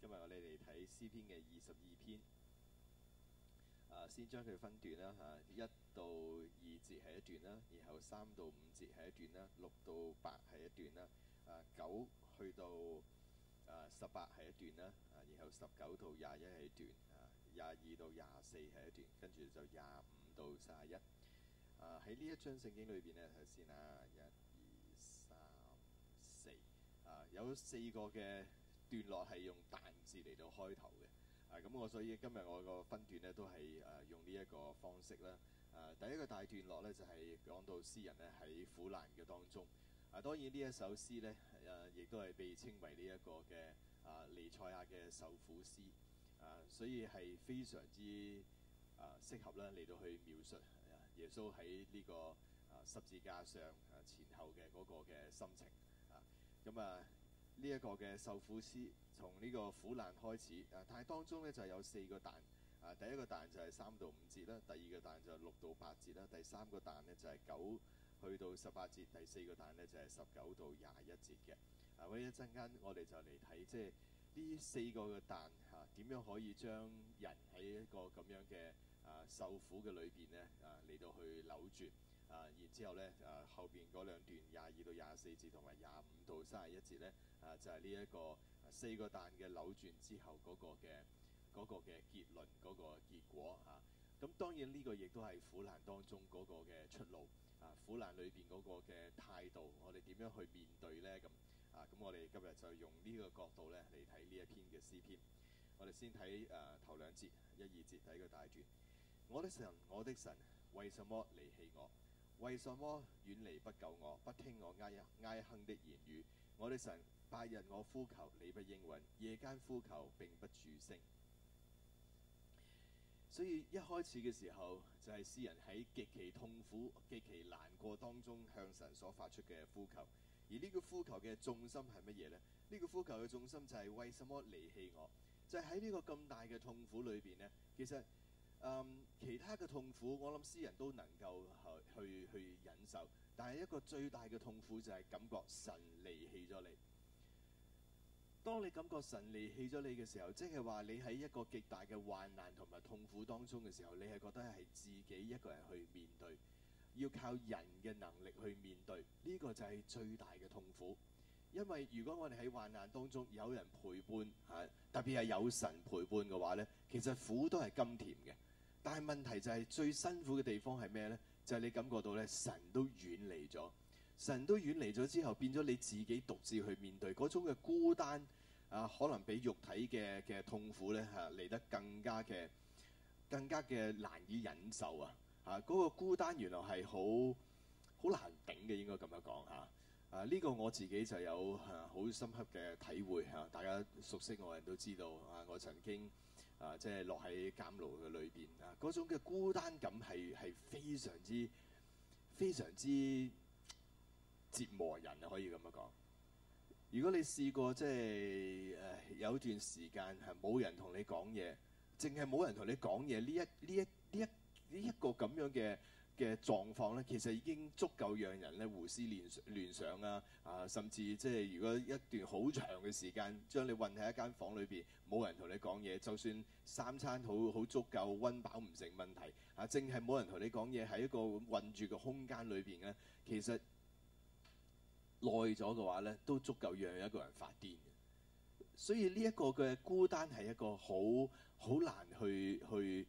今日我哋嚟睇詩篇嘅二十二篇。啊、先將佢分段啦吓，啊，一到二節係一段啦，然後三到五節係一段啦，六到八係一段啦，啊，九去到，啊、十八係一段啦，啊，然後十九到廿一係一段，啊廿二、二到廿四係一段，跟住就廿五到卅一。喺，啊、呢一章聖經裏邊呢，睇先啦，啊，有四個嘅段落係用單字嚟到開頭嘅、啊，啊咁我所以今日我個分段呢，都係誒用呢一個方式啦，誒、啊、第一個大段落呢，就係、是、講到詩人呢喺苦難嘅當中，啊當然呢一首詩呢，誒、啊、亦都係被稱為呢一個嘅啊彌賽亞嘅受苦詩，啊所以係非常之啊適合呢嚟到去描述耶穌喺呢、這個啊十字架上前後嘅嗰個嘅心情，啊咁啊。呢一個嘅受苦詩，從呢個苦難開始，啊，但係當中咧就有四個彈，啊，第一個彈就係三到五節啦，第二個彈就係六到八節啦，第三個彈咧就係九去到十八節，第四個彈咧就係十九到廿一節嘅。啊，咁一陣間我哋就嚟睇，即係呢四個嘅彈嚇點樣可以將人喺一個咁樣嘅啊受苦嘅裏邊咧啊嚟到去扭轉。啊！然之後咧，誒、啊、後邊嗰兩段廿二到廿四節同埋廿五到三十一節咧，誒、啊、就係呢一個四個彈嘅扭轉之後嗰個嘅嗰個嘅結論嗰、嗰個結果嚇。咁、啊、當然呢個亦都係苦難當中嗰個嘅出路啊。苦難裏邊嗰個嘅態度，我哋點樣去面對呢？咁啊，咁我哋今日就用呢個角度咧嚟睇呢一篇嘅詩篇。我哋先睇誒、啊、頭兩節，一二節睇一個大段。我的神，我的神，為什麼離棄我？為什麼遠離不救我？不聽我哀哀哼的言語。我的神，白日我呼求你不應允，夜間呼求並不住聲。所以一開始嘅時候，就係、是、詩人喺極其痛苦、極其難過當中向神所發出嘅呼求。而呢個呼求嘅重心係乜嘢呢？呢、這個呼求嘅重心就係為什麼離棄我？就喺、是、呢個咁大嘅痛苦裏面呢，其實。Um, 其他嘅痛苦，我諗詩人都能夠去去忍受。但係一個最大嘅痛苦就係感覺神離棄咗你。當你感覺神離棄咗你嘅時候，即係話你喺一個極大嘅患難同埋痛苦當中嘅時候，你係覺得係自己一個人去面對，要靠人嘅能力去面對。呢、呢個就係最大嘅痛苦。因為如果我哋喺患難當中有人陪伴嚇、啊，特別係有神陪伴嘅話呢，其實苦都係甘甜嘅。但係問題就係最辛苦嘅地方係咩呢？就係、是、你感覺到咧，神都遠離咗，神都遠離咗之後，變咗你自己獨自去面對嗰種嘅孤單啊，可能比肉體嘅嘅痛苦咧嚇嚟得更加嘅、更加嘅難以忍受啊！嚇、啊、嗰、嗰個孤單原來係好好難頂嘅，應該咁樣講嚇啊！呢、啊呢個我自己就有好、啊、深刻嘅體會嚇、啊，大家熟悉我人都知道啊，我曾經。啊！即係落喺監牢嘅裏邊啊，嗰種嘅孤單感係係非常之、非常之折磨人啊！可以咁樣講。如果你試過即係誒有段時間係冇人同你講嘢，淨係冇人同你講嘢，呢一呢一呢一呢一，一個咁樣嘅，嘅狀況咧，其實已經足夠讓人咧胡思亂亂想啊！啊，甚至即係如果一段好長嘅時間將你困喺一間房裏邊，冇人同你講嘢，就算三餐好好足夠，温飽唔成問題啊，淨係冇人同你講嘢，喺一個困住嘅空間裏邊咧，其實耐咗嘅話咧，都足夠讓一個人發癲嘅。所以呢一個嘅孤單係一個好好難去去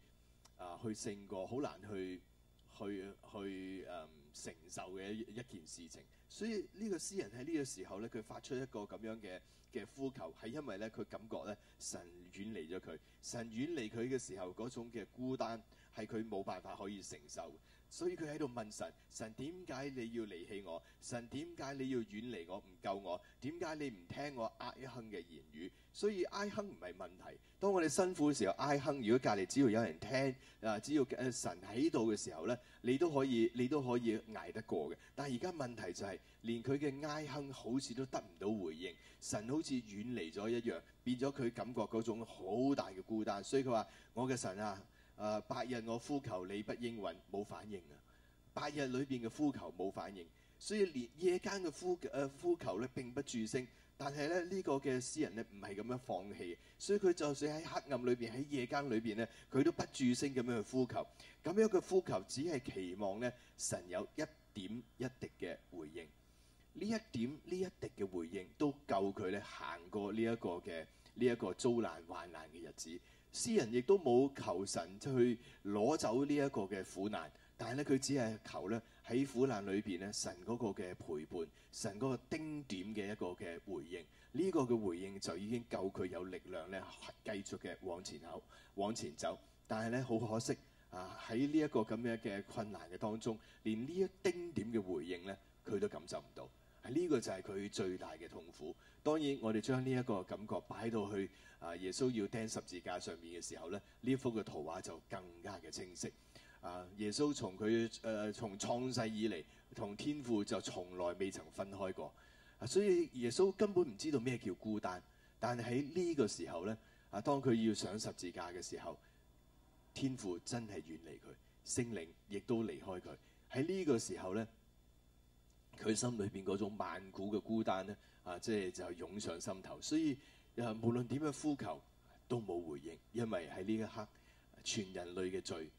啊去勝過，好難去。去去誒、嗯、承受嘅一一件事情，所以呢個詩人喺呢個時候咧，佢發出一個咁樣嘅嘅呼求，係因為咧佢感覺咧神遠離咗佢，神遠離佢嘅時候嗰種嘅孤單，係佢冇辦法可以承受。所以佢喺度問神：神點解你要離棄我？神點解你要遠離我？唔救我？點解你唔聽我哀哼嘅言語？所以哀哼唔係問題。當我哋辛苦嘅時候，哀哼如果隔籬只要有人聽啊，只要、啊、神喺度嘅時候咧，你都可以你都可以捱得過嘅。但係而家問題就係、是，連佢嘅哀哼好似都得唔到回應，神好似遠離咗一樣，變咗佢感覺嗰種好大嘅孤單。所以佢話：我嘅神啊！誒白、啊、日我呼求你，不應允，冇反應啊！白日裏邊嘅呼求冇反應，所以連夜間嘅呼誒、呃、呼求咧並不住聲。但係咧呢、這個嘅詩人咧唔係咁樣放棄，所以佢就算喺黑暗裏邊、喺夜間裏邊咧，佢都不住聲咁樣去呼求。咁樣嘅呼求只係期望咧神有一點一滴嘅回應。呢一點呢一滴嘅回應都夠佢咧行過呢一個嘅呢一個遭、這個、難患難嘅日子。詩人亦都冇求神去攞走呢一個嘅苦難，但係咧佢只係求咧喺苦難裏邊咧神嗰個嘅陪伴，神嗰個丁點嘅一個嘅回應，呢個嘅回應就已經夠佢有力量咧繼續嘅往前走、往前走。但係咧好可惜啊！喺呢一個咁樣嘅困難嘅當中，連呢一丁點嘅回應咧，佢都感受唔到。呢個就係佢最大嘅痛苦。當然，我哋將呢一個感覺擺到去啊，耶穌要釘十字架上面嘅時候咧，呢幅嘅圖畫就更加嘅清晰。啊，耶穌從佢誒從創世以嚟同天父就從來未曾分開過。啊，所以耶穌根本唔知道咩叫孤單。但喺呢個時候咧，啊，當佢要上十字架嘅時候，天父真係遠離佢，聖靈亦都離開佢。喺呢個時候咧。佢心裏邊嗰種萬古嘅孤單咧，啊，即係就湧上心頭，所以誒無論點樣呼求都冇回應，因為喺呢一刻全人類嘅罪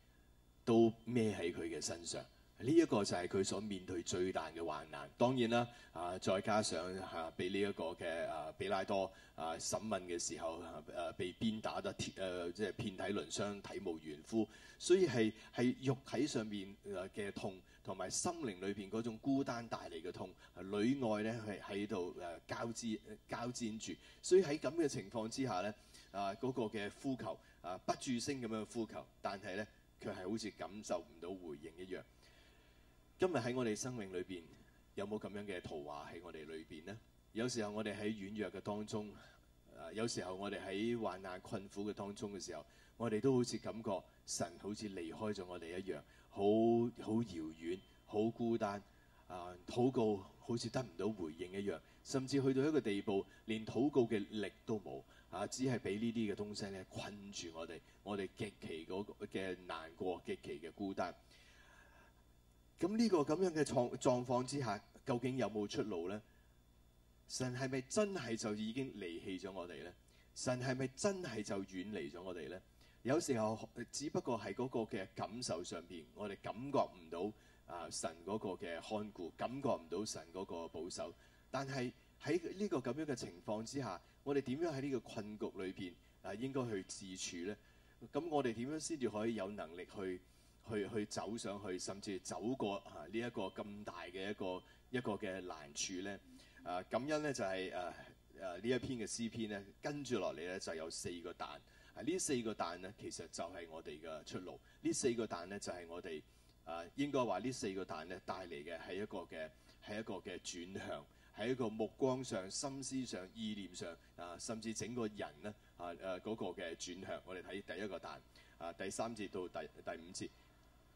都孭喺佢嘅身上，呢、這、一個就係佢所面對最大嘅患難。當然啦，啊再加上嚇俾呢一個嘅啊比拉多啊審問嘅時候誒、啊、被鞭打得鐵誒、啊、即係遍體鱗傷體無完膚，所以係係肉體上面嘅痛。同埋心靈裏邊嗰種孤單帶嚟嘅痛，裏外咧係喺度誒交戰、交戰住，所以喺咁嘅情況之下咧，啊嗰個嘅呼求啊不住聲咁樣呼求，但係咧佢係好似感受唔到回應一樣。今日喺我哋生命裏邊有冇咁樣嘅圖畫喺我哋裏邊咧？有時候我哋喺軟弱嘅當中，啊有時候我哋喺患難困苦嘅當中嘅時候，我哋都好似感覺神好似離開咗我哋一樣。好好遙遠，好孤單啊！禱告好似得唔到回應一樣，甚至去到一個地步，連禱告嘅力都冇啊！只係俾呢啲嘅東西咧困住我哋，我哋極其嘅難過，極其嘅孤單。咁呢個咁樣嘅狀狀況之下，究竟有冇出路呢？神係咪真係就已經離棄咗我哋呢？神係咪真係就遠離咗我哋呢？有時候只不過係嗰個嘅感受上邊，我哋感覺唔到啊神嗰個嘅看顧，感覺唔到神嗰個保守。但係喺呢個咁樣嘅情況之下，我哋點樣喺呢個困局裏邊啊應該去自處呢？咁我哋點樣先至可以有能力去去去走上去，甚至走過啊呢、啊這個、一個咁大嘅一個一個嘅難處呢？啊感恩咧就係、係、啊啊呢、啊、一篇嘅詩篇呢，跟住落嚟呢，就有四個蛋。係呢、啊、四個蛋呢，其實就係我哋嘅出路。呢四個蛋呢，就係我哋應該該話呢四個蛋呢，帶嚟嘅係一個嘅係一個嘅轉向，喺一個目光上、心思上、意念上啊，甚至整個人呢啊，啊、那個嗰個嘅轉向。我哋睇第一個蛋啊，第三節到第第五節，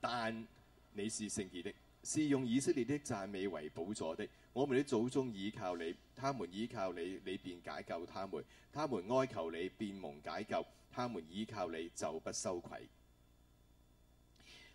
但你是聖潔的，是用以色列的讚美為寶座的。我們嘅祖宗倚靠你，他們倚靠你，你便解救他們；他們哀求你，便蒙解救；他們倚靠你，就不羞愧。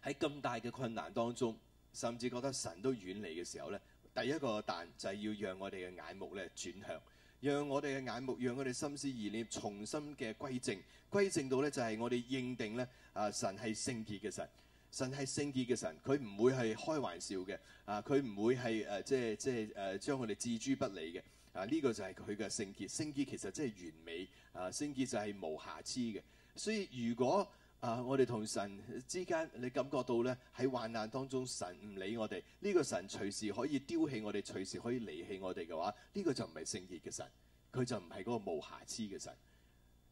喺咁大嘅困難當中，甚至覺得神都遠離嘅時候呢，第一個但就係要讓我哋嘅眼目咧轉向，讓我哋嘅眼目，讓我哋心思意念重新嘅歸正，歸正到咧就係我哋認定呢，啊神係聖潔嘅神。神係聖潔嘅神，佢唔會係開玩笑嘅啊！佢唔會係誒、啊、即係即係誒、啊、將我哋置諸不理嘅啊！呢、這個就係佢嘅聖潔，聖潔其實真係完美啊！聖潔就係無瑕疵嘅。所以如果啊，我哋同神之間，你感覺到咧喺患難當中，神唔理我哋，呢、這個神隨時可以丟棄我哋，隨時可以離棄我哋嘅話，呢、這個就唔係聖潔嘅神，佢就唔係嗰個無瑕疵嘅神。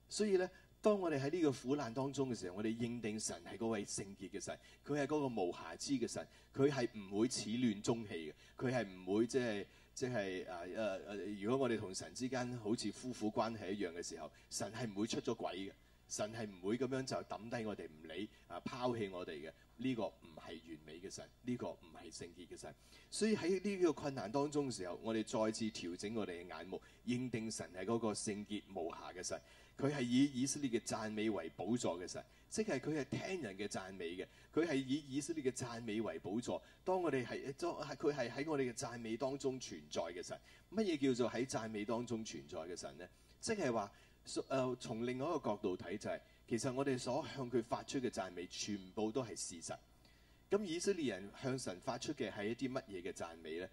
所以咧。當我哋喺呢個苦難當中嘅時候，我哋認定神係嗰位聖潔嘅神，佢係嗰個無瑕疵嘅神，佢係唔會始亂終棄嘅，佢係唔會即係即係誒誒誒，如果我哋同神之間好似夫婦關係一樣嘅時候，神係唔會出咗軌嘅。神係唔會咁樣就抌低我哋唔理啊，拋棄我哋嘅呢個唔係完美嘅神，呢、這個唔係聖潔嘅神。所以喺呢個困難當中嘅時候，我哋再次調整我哋嘅眼目，認定神係嗰個聖潔無瑕嘅神。佢係以以色列嘅讚美為寶座嘅神，即係佢係聽人嘅讚美嘅。佢係以以色列嘅讚美為寶座。當我哋係佢係喺我哋嘅讚美當中存在嘅神。乜嘢叫做喺讚美當中存在嘅神呢？即係話。誒、so, 呃、從另外一個角度睇就係、是，其實我哋所向佢發出嘅讚美全部都係事實。咁以色列人向神發出嘅係一啲乜嘢嘅讚美呢？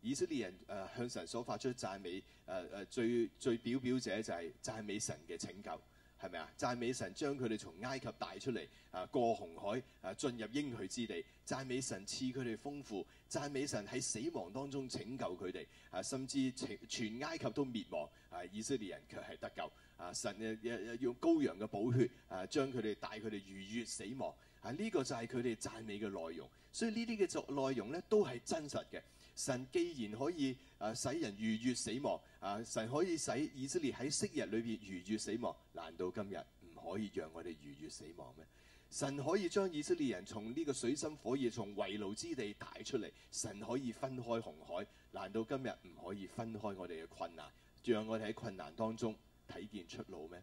以色列人、呃、向神所發出嘅讚美、呃、最，最表表者就係讚美神嘅拯救。係咪啊？讚美神將佢哋從埃及帶出嚟，啊過紅海，啊進入應許之地，讚美神賜佢哋豐富，讚美神喺死亡當中拯救佢哋，啊甚至全埃及都滅亡，啊以色列人卻係得救，啊神啊用羔羊嘅寶血，啊將佢哋帶佢哋逾越死亡，啊呢、這個就係佢哋讚美嘅內容，所以內呢啲嘅作內容咧都係真實嘅。神既然可以誒、啊、使人逾越死亡，誒、啊、神可以使以色列喺昔日裏邊逾越死亡，難道今日唔可以讓我哋逾越死亡咩？神可以將以色列人從呢個水深火熱、從為奴之地帶出嚟，神可以分開紅海，難道今日唔可以分開我哋嘅困難，讓我哋喺困難當中睇見出路咩？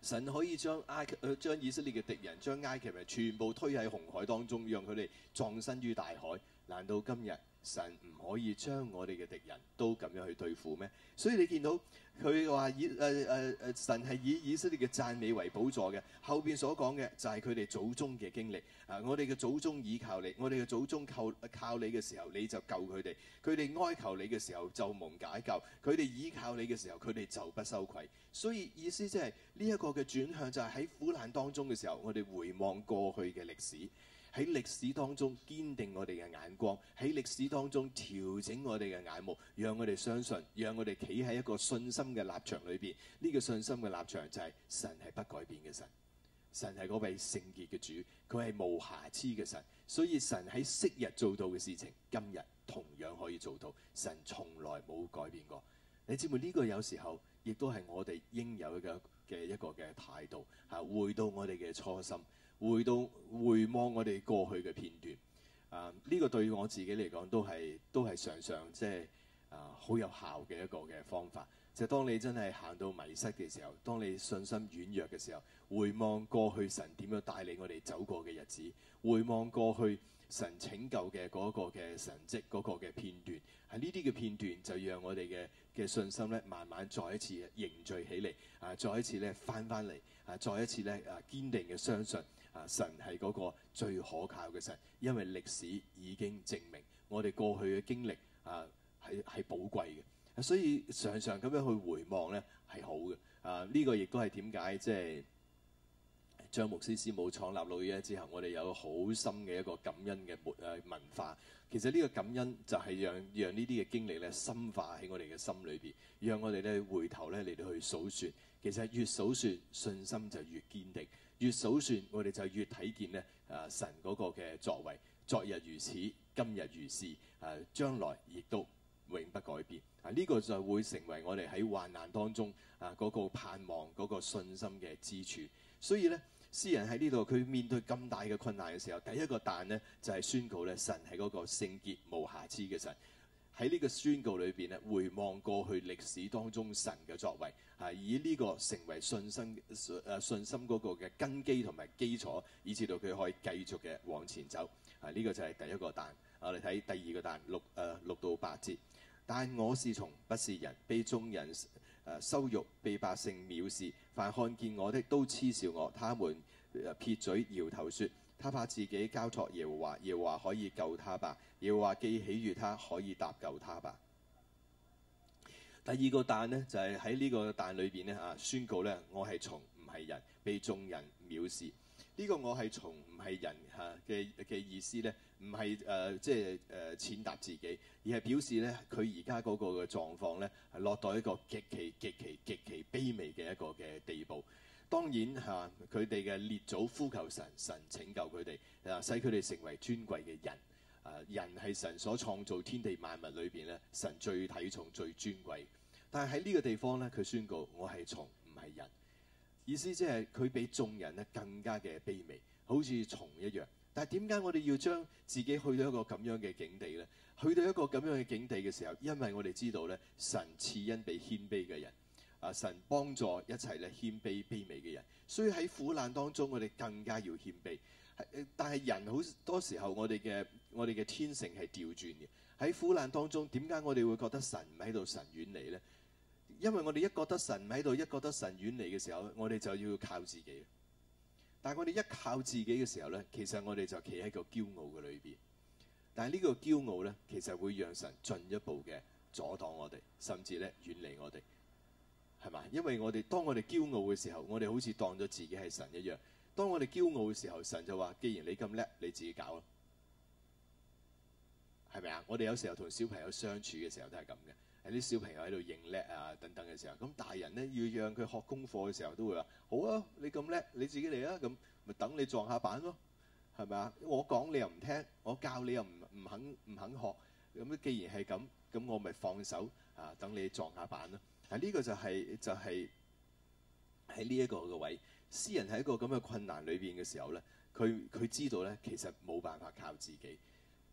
神可以將埃及、將、呃、以色列嘅敵人、將埃及人全部推喺紅海當中，讓佢哋葬身於大海，難道今日，神唔可以將我哋嘅敵人都咁樣去對付咩？所以你見到佢話以誒誒誒神係以、呃、神以，以色列嘅讚美為寶座嘅，後邊所講嘅就係佢哋祖宗嘅經歷。啊，我哋嘅祖宗依靠你，我哋嘅祖宗靠靠，靠你嘅時候，你就救佢哋。佢哋哀求你嘅時候，就蒙解救；佢哋依靠你嘅時候，佢哋就不羞愧。所以意思即係呢一個嘅轉向，就係喺苦難當中嘅時候，我哋回望過去嘅歷史。喺歷史當中堅定我哋嘅眼光，喺歷史當中調整我哋嘅眼目，讓我哋相信，讓我哋企喺一個信心嘅立場裏邊。呢個信心嘅立場就係神係不改變嘅神，神係嗰位聖潔嘅主，佢係無瑕疵嘅神。所以神喺昔日做到嘅事情，今日同樣可以做到。神從來冇改變過。你知唔知，呢個有時候亦都係我哋應有嘅嘅一個嘅態度，嚇回到我哋嘅初心。回到回望我哋過去嘅片段，啊呢個對於我自己嚟講都係都係常常即係啊好有效嘅一個嘅方法。就係當你真係行到迷失嘅時候，當你信心軟弱嘅時候，回望過去神點樣帶領我哋走過嘅日子，回望過去神拯救嘅嗰個嘅神蹟嗰個嘅片段，啊呢啲嘅片段就讓我哋嘅嘅信心咧慢慢再一次凝聚起嚟，啊再一次咧翻翻嚟，啊再一次咧啊堅定嘅相信。啊！神係嗰個最可靠嘅神，因為歷史已經證明，我哋過去嘅經歷啊係係寶貴嘅，所以常常咁樣去回望呢係好嘅。啊，呢個亦都係點解即係張牧師師母創立611之後，我哋有好深嘅一個感恩嘅文化。其實呢個感恩就係讓讓呢啲嘅經歷咧深化喺我哋嘅心裡邊，讓我哋咧回頭咧嚟到去數算。其實越數算，信心就越堅定。越數算，我哋就越睇見咧，誒神嗰個嘅作為，昨日如此，今日如是，誒將來亦都永不改變。啊，呢個就會成為我哋喺患難當中啊嗰個盼望、嗰個信心嘅支柱。所以咧，詩人喺呢度佢面對咁大嘅困難嘅時候，第一個彈呢，就係宣告咧，神係嗰個聖潔無瑕疵嘅神。喺呢個宣告裏邊咧，回望過去歷史當中神嘅作為，係、啊、以呢個成為信心誒、啊、信心嗰個嘅根基同埋基礎，以至到佢可以繼續嘅往前走。啊，呢、這個就係第一個蛋。我哋睇第二個蛋，六誒、啊、六到八節。但我是蟲，不是人，被眾人誒、啊、羞辱，被百姓藐視，凡看見我的都恥笑我，他們、啊、撇嘴搖頭說。他怕自己交託耶和華，耶和華可以救他吧；耶和華既記起於他，可以搭救他吧。第二個蛋呢，就係、是、喺呢個蛋裏邊咧嚇宣告呢，我係蟲，唔係人，被眾人藐視。呢、這個我係蟲，唔係人嚇嘅嘅意思呢，唔係誒即係誒、呃、踐踏自己，而係表示呢佢而家嗰個嘅狀況呢係落到一個極其極其極其極其卑微嘅一個嘅地步。當然吓佢哋嘅列祖呼求神，神拯救佢哋，啊，使佢哋成為尊貴嘅人。啊，人係神所創造天地萬物裏邊咧，神最體重、最尊貴。但係喺呢個地方咧，佢宣告我係蟲，唔係人。意思即係佢比眾人咧更加嘅卑微，好似蟲一樣。但係點解我哋要將自己去到一個咁樣嘅境地咧？去到一個咁樣嘅境地嘅時候，因為我哋知道咧，神賜恩俾謙卑嘅人。啊！神幫助一切咧，謙卑卑微嘅人。所以喺苦難當中，我哋更加要謙卑。但係人好多時候我，我哋嘅我哋嘅天性係調轉嘅。喺苦難當中，點解我哋會覺得神唔喺度，神遠離呢？因為我哋一覺得神唔喺度，一覺得神遠離嘅時候，我哋就要靠自己。但係我哋一靠自己嘅時候咧，其實我哋就企喺個驕傲嘅裏邊。但係呢個驕傲呢，其實會讓神進一步嘅阻擋我哋，甚至咧遠離我哋。係嘛？因為我哋當我哋驕傲嘅時候，我哋好似當咗自己係神一樣。當我哋驕傲嘅時候，神就話：既然你咁叻，你自己搞咯，係咪啊？我哋有時候同小朋友相處嘅時候都係咁嘅，係啲小朋友喺度認叻啊等等嘅時候，咁大人咧要讓佢學功課嘅時候都會話：好啊，你咁叻，你自己嚟啊！咁咪等你撞下板咯，係咪啊？我講你又唔聽，我教你又唔唔肯唔肯學，咁既然係咁，咁我咪放手啊，等你撞下板咯。嗱，呢個、啊，呢個就係、就係喺呢一個嘅位，詩人喺一個咁嘅困難裏邊嘅時候咧，佢佢知道咧，其實冇辦法靠自己。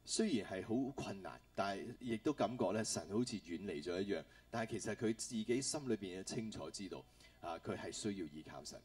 雖然係好困難，但係亦都感覺咧，神好似遠離咗一樣，但係其實佢自己心裏邊又清楚知道，啊，佢係需要依靠神。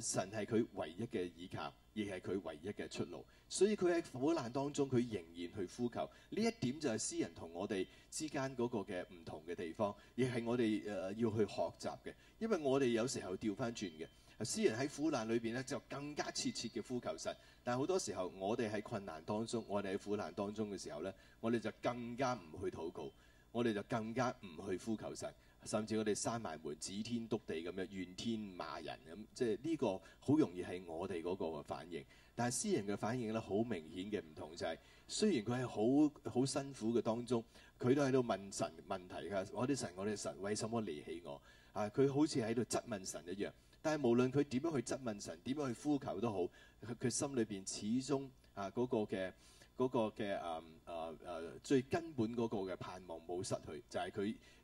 神係佢唯一嘅倚靠，亦係佢唯一嘅出路。所以佢喺苦難當中，佢仍然去呼求。呢一點就係詩人同我哋之間嗰個嘅唔同嘅地方，亦係我哋誒要去學習嘅。因為我哋有時候調翻轉嘅。詩人喺苦難裏邊咧，就更加切切嘅呼求神。但係好多時候，我哋喺困難當中，我哋喺苦難當中嘅時候咧，我哋就更加唔去禱告，我哋就更加唔去呼求神。甚至我哋閂埋門、指天篤地咁樣怨天罵人咁，即係呢個好容易係我哋嗰個反應。但係詩人嘅反應咧，好明顯嘅唔同就係、是，雖然佢係好好辛苦嘅當中，佢都喺度問神問題㗎。我啲神，我啲神、神，為什麼離棄我？啊，佢好似喺度質問神一樣。但係無論佢點樣去質問神、點樣去呼求都好，佢心裏邊始終啊嗰、那個嘅。嗰個嘅誒誒誒最根本嗰個嘅盼望冇失去，就係、是、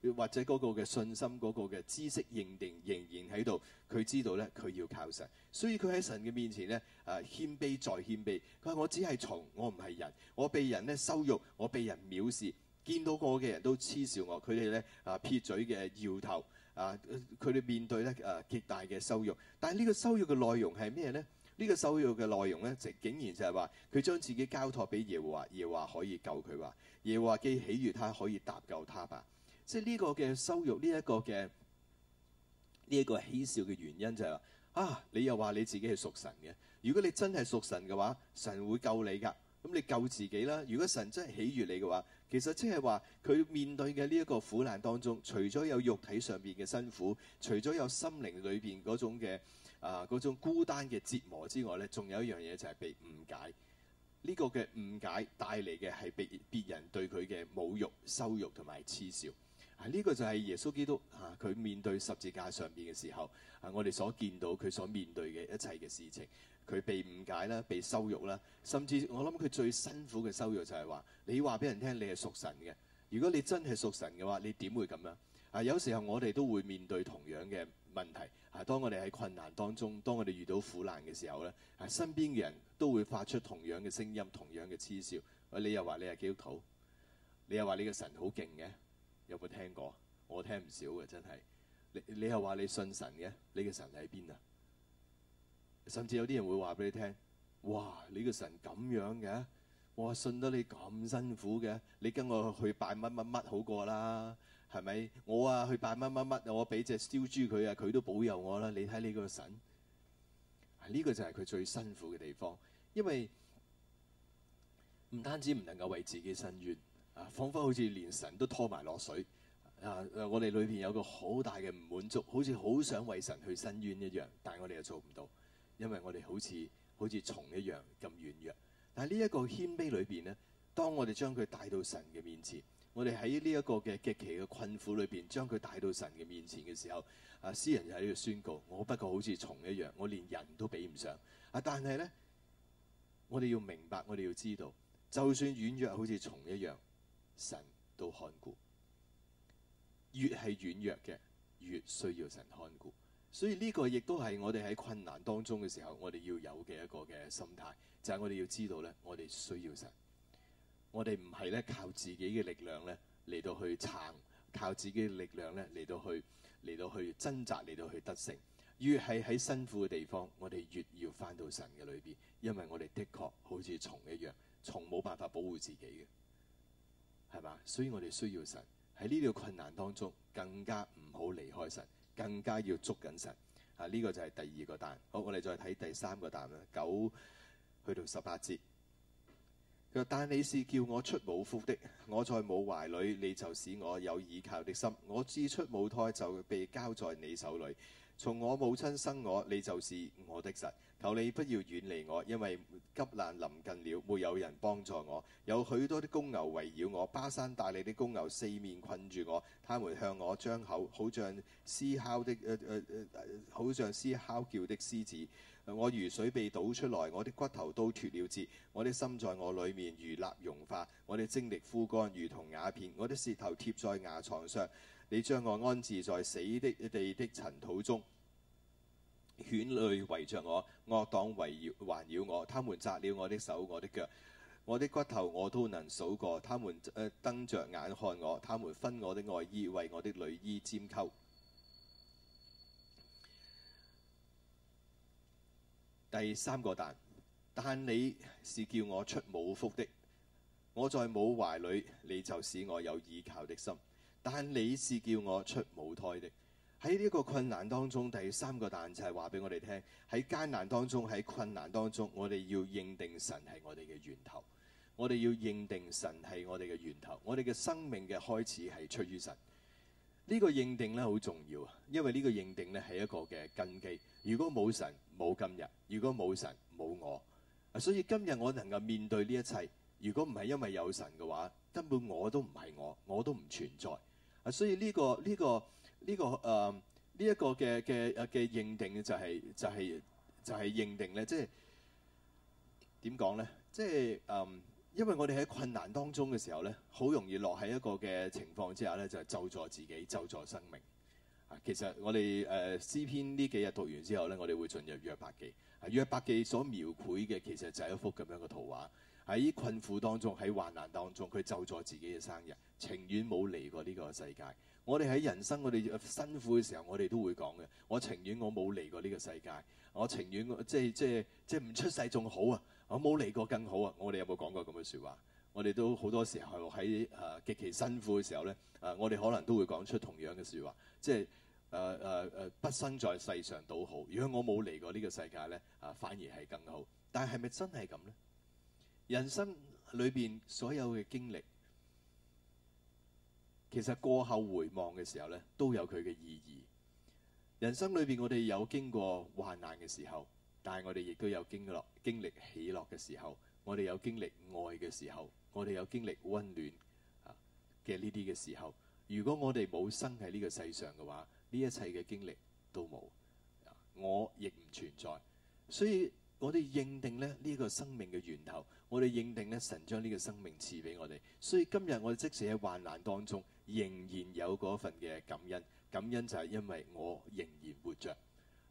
佢或者嗰個嘅信心、嗰個嘅知識認定仍然喺度。佢知道咧，佢要靠神，所以佢喺神嘅面前咧誒、啊、謙卑再謙卑。佢話：我只係蟲，我唔係人，我被人咧羞辱，我被人藐視，見到我嘅人都恥笑我，佢哋咧啊撇嘴嘅搖頭啊，佢哋面對咧誒、啊、極大嘅羞辱。但係呢個羞辱嘅內容係咩咧？呢個羞辱嘅內容呢，竟竟然就係話佢將自己交託俾耶和華，耶和華可以救佢話，耶和華既喜悅他可以搭救他吧。即係呢個嘅羞辱，呢一個嘅呢一個嬉笑嘅原因就係話：啊，你又話你自己係屬神嘅。如果你真係屬神嘅話，神會救你㗎。咁你救自己啦。如果神真係喜悅你嘅話，其實即係話佢面對嘅呢一個苦難當中，除咗有肉體上邊嘅辛苦，除咗有心靈裏邊嗰種嘅。啊，嗰種孤單嘅折磨之外呢，仲有一樣嘢，就係被誤解。呢個嘅誤解帶嚟嘅係被別人對佢嘅侮辱、羞辱同埋恥笑。啊，呢個就係耶穌基督啊，佢面對十字架上面嘅時候啊，我哋所見到佢所面對嘅一切嘅事情，佢被誤解啦，被羞辱啦，甚至我諗佢最辛苦嘅羞辱就係話：你話俾人聽你係屬神嘅，如果你真係屬神嘅話，你點會咁樣？啊，有時候我哋都會面對同樣嘅。問題啊！當我哋喺困難當中，當我哋遇到苦難嘅時候咧，啊，身邊嘅人都會發出同樣嘅聲音、同樣嘅恥笑。我你又話你係基督徒，你又話你個神好勁嘅，有冇聽過？我聽唔少嘅，真係。你你又話你信神嘅，你嘅神喺邊啊？甚至有啲人會話俾你聽：哇！你個神咁樣嘅，我信得你咁辛苦嘅，你跟我去拜乜乜乜好過啦。係咪我啊去拜乜乜乜？我俾隻燒豬佢啊，佢都保佑我啦！你睇呢個神，呢、啊呢個就係佢最辛苦嘅地方，因為唔單止唔能夠為自己申冤啊，彷彿好似連神都拖埋落水啊！我哋裏邊有個好大嘅唔滿足，好似好想為神去申冤一樣，但係我哋又做唔到，因為我哋好似好似蟲一樣咁軟弱。但係呢一個謙卑裏邊呢，當我哋將佢帶到神嘅面前，我哋喺呢一個嘅極其嘅困苦裏邊，將佢帶到神嘅面前嘅時候，啊，詩人就喺度宣告：我不過好似蟲一樣，我連人都比唔上。啊，但係咧，我哋要明白，我哋要知道，就算軟弱好似蟲一樣，神都看顧。越係軟弱嘅，越需要神看顧。所以呢個亦都係我哋喺困難當中嘅時候，我哋要有嘅一個嘅心態，就係我哋要知道咧，我哋需要神。我哋唔係咧靠自己嘅力量咧嚟到去撐，靠自己嘅力量咧嚟到去嚟到去掙扎嚟到去得勝。越係喺辛苦嘅地方，我哋越要返到神嘅裏邊，因為我哋的確好似蟲一樣，蟲冇辦法保護自己嘅，係嘛？所以我哋需要神喺呢條困難當中，更加唔好離開神，更加要捉緊神。啊，呢、這個就係第二個蛋。好，我哋再睇第三個蛋啦，九去到十八節。但你是叫我出母腹的，我在母懷裏，你就使我有倚靠的心。我自出母胎就被交在你手裏。從我母親生我，你就是我的神。求你不要遠離我，因為急難臨近了，沒有人幫助我。有許多的公牛圍繞我，巴山帶領的公牛四面困住我。他們向我張口好思考、呃呃，好像獅吼的好像獅吼叫的獅子。呃、我如水被倒出來，我的骨頭都脫了節，我的心在我裡面如納融化，我的精力枯乾如同瓦片，我的舌頭貼在牙床上。你將我安置在死的地的塵土中，犬類圍着我，惡黨圍環繞我，他們扎了我的手、我的腳、我的骨頭，我都能數過。他們瞪着、呃、眼看我，他們分我的外衣為我的女衣占溝。第三個蛋，但你是叫我出母腹的，我在母懷裡，你就使我有倚靠的心。但你是叫我出母胎的，喺呢個困難當中，第三個彈就係話俾我哋聽，喺艱難當中，喺困難當中，我哋要認定神係我哋嘅源頭，我哋要認定神係我哋嘅源頭，我哋嘅生命嘅開始係出於神。呢、這個認定咧好重要啊，因為呢個認定咧係一個嘅根基。如果冇神冇今日，如果冇神冇我，所以今日我能夠面對呢一切，如果唔係因為有神嘅話，根本我都唔係我，我都唔存在。啊，所以呢、呢個呢、呢個呢、這個誒呢一個嘅嘅嘅認定就係、係、就係、係、就係、係、認定咧，即係點講咧？即係誒，因為我哋喺困難當中嘅時候咧，好容易落喺一個嘅情況之下咧，就係咒詛自己、咒詛生命。啊，其實我哋誒詩篇呢幾日讀完之後咧，我哋會進入約伯記、啊。約伯記所描繪嘅其實就係一幅咁樣嘅圖畫。喺困苦當中，喺患難當中，佢就在自己嘅生日，情願冇嚟過呢個世界。我哋喺人生，我哋辛苦嘅時候，我哋都會講嘅。我情願我冇嚟過呢個世界，我情願即係即係即係唔出世仲好啊！我冇嚟過更好啊！我哋有冇講過咁嘅説話？我哋都好多時候喺誒、啊、極其辛苦嘅時候咧，誒、啊、我哋可能都會講出同樣嘅説話，即係誒誒誒不生在世上都好。如果我冇嚟過呢個世界咧，啊反而係更好。但係係咪真係咁咧？人生裏邊所有嘅經歷，其實過後回望嘅時候咧，都有佢嘅意義。人生裏邊我哋有經過患難嘅時候，但係我哋亦都有經起落經歷喜樂嘅時候，我哋有經歷愛嘅時候，我哋有經歷溫暖嘅呢啲嘅時候。如果我哋冇生喺呢個世上嘅話，呢一切嘅經歷都冇，我亦唔存在。所以。我哋認定咧呢、這個生命嘅源頭，我哋認定咧神將呢個生命賜俾我哋，所以今日我哋即使喺患難當中，仍然有嗰份嘅感恩。感恩就係因為我仍然活着，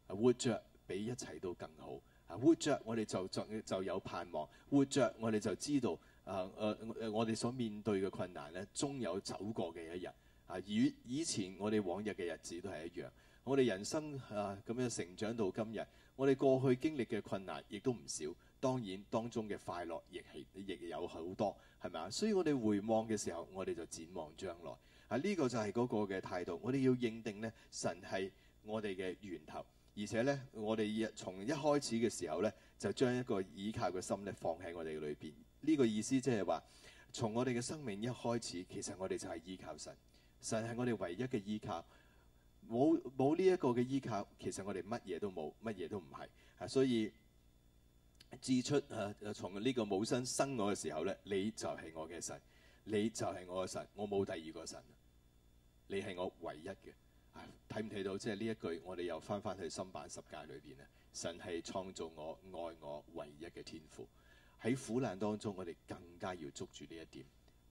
啊，活着比一切都更好。啊、活着我哋就就、就有盼望，活着我哋就知道誒誒誒我哋所面對嘅困難呢，終有走過嘅一日。啊，與以前我哋往日嘅日子都係一樣。我哋人生啊咁樣成長到今日。我哋過去經歷嘅困難亦都唔少，當然當中嘅快樂亦係亦有好多，係咪啊？所以我哋回望嘅時候，我哋就展望將來。啊，呢個就係嗰個嘅態度。我哋要認定咧，神係我哋嘅源頭，而且咧，我哋從一開始嘅時候咧，就將一個依靠嘅心咧放喺我哋嘅裏邊。呢個意思即係話，從我哋嘅生命一開始，其實我哋就係依靠神，神係我哋唯一嘅依靠。冇冇呢一個嘅依靠，其實我哋乜嘢都冇，乜嘢都唔係啊。所以自出啊，從呢個母親生我嘅時候咧，你就係我嘅神，你就係我嘅神，我冇第二個神，你係我唯一嘅。睇唔睇到？即係呢一句，我哋又翻翻去新版十誡裏邊咧，神係創造我、愛我唯一嘅天父，喺苦難當中，我哋更加要捉住呢一點，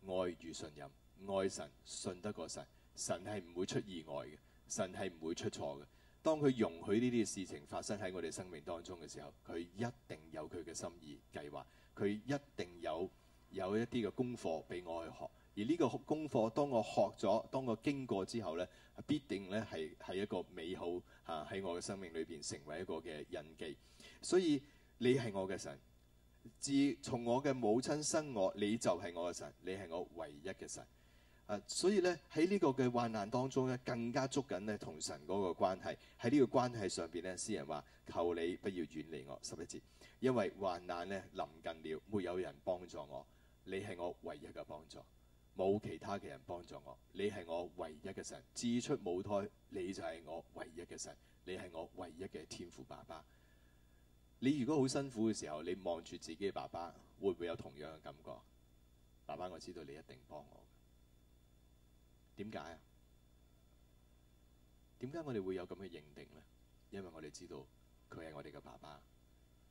愛與信任，愛神，信得過神，神係唔會出意外嘅。神係唔會出錯嘅。當佢容許呢啲事情發生喺我哋生命當中嘅時候，佢一定有佢嘅心意計劃，佢一定有有一啲嘅功課俾我去學。而呢個功課，當我學咗，當我經過之後呢，必定呢係係一個美好嚇喺、啊、我嘅生命裏邊成為一個嘅印記。所以你係我嘅神，自從我嘅母親生我，你就係我嘅神，你係我唯一嘅神。啊，所以咧喺呢個嘅患難當中咧，更加捉緊咧同神嗰個關係，喺呢個關係上邊咧，詩人話：求你不要遠離我十一節，因為患難咧臨近了，沒有人幫助我，你係我唯一嘅幫助，冇其他嘅人幫助我，你係我唯一嘅神。自出母胎，你就係我唯一嘅神，你係我唯一嘅天父爸爸。你如果好辛苦嘅時候，你望住自己嘅爸爸，會唔會有同樣嘅感覺？爸爸，我知道你一定幫我。點解啊？點解我哋會有咁嘅認定呢？因為我哋知道佢係我哋嘅爸爸，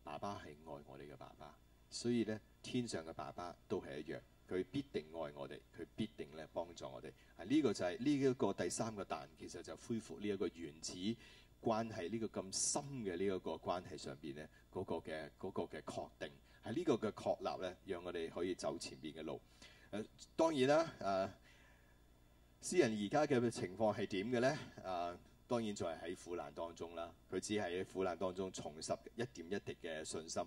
爸爸係愛我哋嘅爸爸，所以呢，天上嘅爸爸都係一樣，佢必定愛我哋，佢必定咧幫助我哋。啊，呢、這個就係呢一個第三個彈，其實就恢復呢一個原始關係，呢、這個咁深嘅呢一個關係上邊呢，嗰、那個嘅嗰嘅確定，喺、啊、呢、這個嘅確立呢，讓我哋可以走前面嘅路。誒、啊，當然啦，誒、啊。詩人而家嘅情況係點嘅呢？啊，當然仲係喺苦難當中啦。佢只係喺苦難當中重拾一點一滴嘅信心。誒、